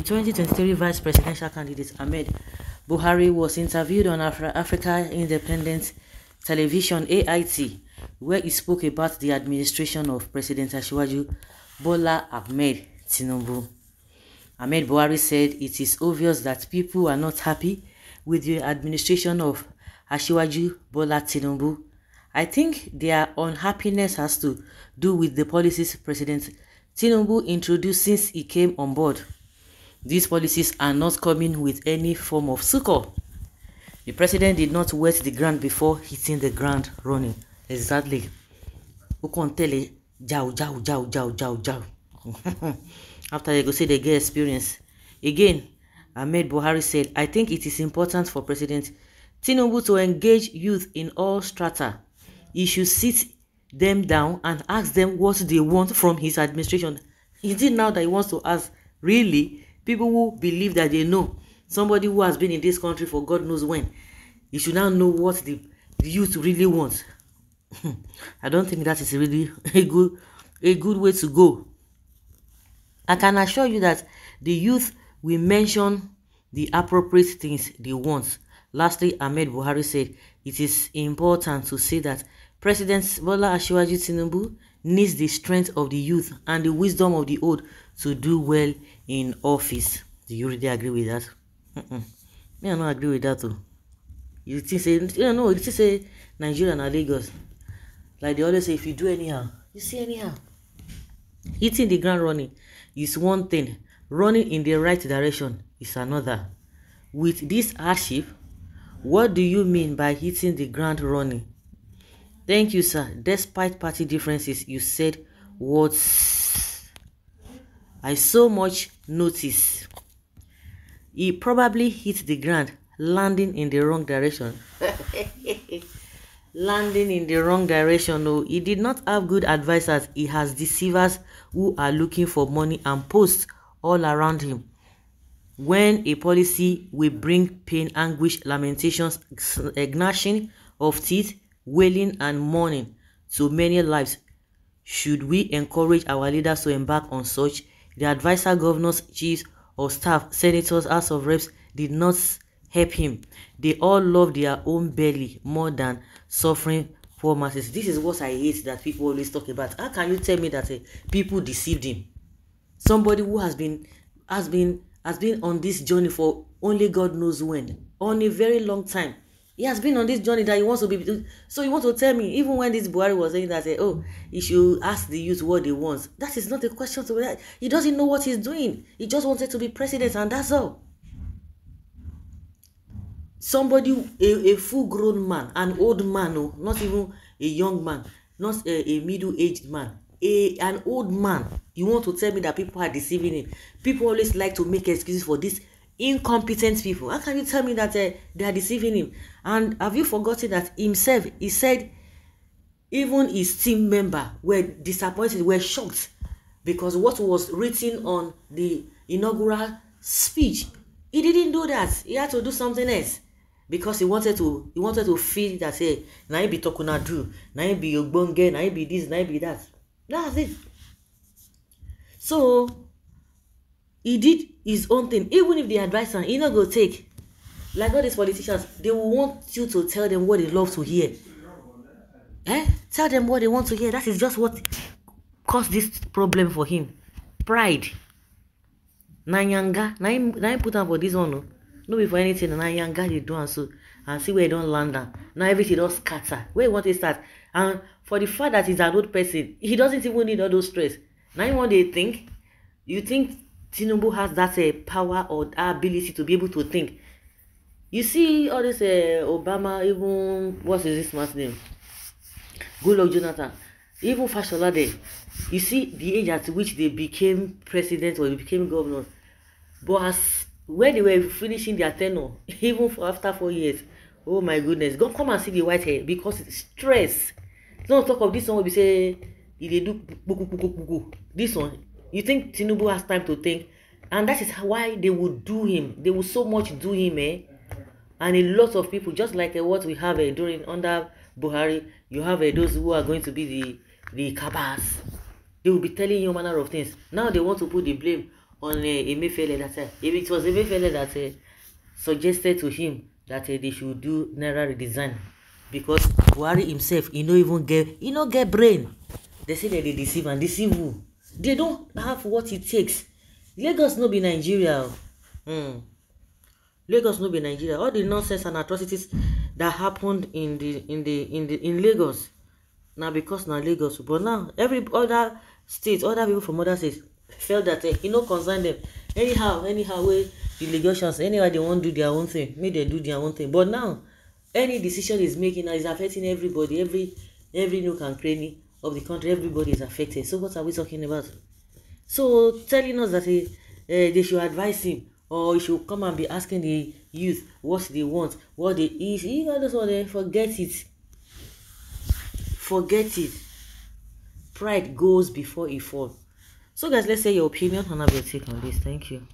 the 2023 vice presidential candidate Ahmed Buhari was interviewed on Afri Africa Independent Television AIT, where he spoke about the administration of President Ashwaju Bola Ahmed Tinubu. Ahmed Buhari said it is obvious that people are not happy with the administration of Ashwaju Bola Tinubu. I think their unhappiness has to do with the policies President Tinubu introduced since he came on board. These policies are not coming with any form of succor. The president did not wet the ground before hitting the ground running. Exactly. Who can tell it? Jow, jow, jow, jow, jow, jow. After they go see the gay experience. Again, Ahmed Buhari said, I think it is important for President Tinubu to engage youth in all strata. He should sit them down and ask them what they want from his administration. Is it now that he wants to ask, really? People who believe that they know. Somebody who has been in this country for God knows when. You should now know what the, the youth really wants. I don't think that is really a good a good way to go. I can assure you that the youth will mention the appropriate things they want. Lastly, Ahmed Buhari said it is important to say that President Bola Asiwaju Tinubu needs the strength of the youth and the wisdom of the old to do well in office. Do you really agree with that? Mm-mm. Me, I don't agree with that. Though. You think say, you know, you think say Nigeria and Lagos. Like they always say, if you do anyhow, you see anyhow. Hitting the ground running is one thing. Running in the right direction is another. With this hardship, what do you mean by hitting the ground running? Thank you, sir. Despite party differences, you said words I so much notice. He probably hit the ground, landing in the wrong direction. landing in the wrong direction. No, oh. he did not have good advisors. He has deceivers who are looking for money and posts all around him. When a policy will bring pain, anguish, lamentations, gnashing of teeth, wailing and mourning to many lives. Should we encourage our leaders to embark on such? The advisor governors, chiefs of staff, senators, House of Reps did not help him. They all love their own belly more than suffering poor masses. This is what I hate that people always talk about. How can you tell me that uh, people deceived him? Somebody who has been has been has been on this journey for only God knows when, on a very long time. he has been on this journey that he wants to be so you want to tell me even when this buhari was saying that say oh he should ask the youth what they want that is not a question to that he doesn't know what he's doing he just wanted to be president and that's all somebody a, a full grown man an old man oh not even a young man not a, a middle aged man a an old man you want to tell me that people are deceiving him people always like to make excuses for this incompetent people how can you tell me that uh, they are deceiving him and have you forgotten that himself he said even his team member were disappointed were shocked because what was written on the inaugural speech he didn't do that he had to do something else because he wanted to he wanted to feel that say, eh, na him be tokuna do na be ogbonge na him be this na be that that's it so he did his own thing even if they advise am he no go take like all these politicians they will want you to tell them what they love to hear eh tell them what they want to hear that is just what caused this problem for him pride na yanga na him na him put am for this one o no be for anything na yanga dey do am so and see where e don land am now everything don scatter where you wan take start and for the fact that he's an old person he doesn't even need all those stress na him wan dey think you think Tinubu has that uh, power or ability to be able to think. You see all this uh, Obama, even what is this man's name? Goodluck Jonathan, even Fashola. Fasholade. You see the age at which they became president or they became governor. But as when they were finishing their tenure, even for after four years, oh my goodness, go come and see the white hair because it's stress. Don't talk of this one will be say, e dey do This one you think tinubu has time to think and that is why they will do him they will so much do him eh and a lot of people just like uh, what we have uh, during under buhari you have uh, those who are going to be the the cabas they will be telling you manner of things now they want to put the blame on uh, emefiele that uh, it was emefiele that uh, suggested to him that uh, they should do naira redesign because buhari himself he no even get he no get brain they say that they deceive and deceive who they don have what it takes lagos no be nigeria mm. lagos no be nigeria all the nonsense and atrocities that happened in the in the in the in lagos na because na lagos but now every other state other people from other states felt that eh, e no concern them anyhow anyhow wey the lagosians anyhow they wan do their own thing make they do their own thing but now any decision is making now is affecting everybody every every nook and cranny of the country, everybody is affected. So what are we talking about? So telling us that uh, they should advise him or he should come and be asking the youth what they want, what they eat, you know, those one, forget it. Forget it. Pride goes before a fall. So guys, let's say your opinion and have your take on this. Thank you.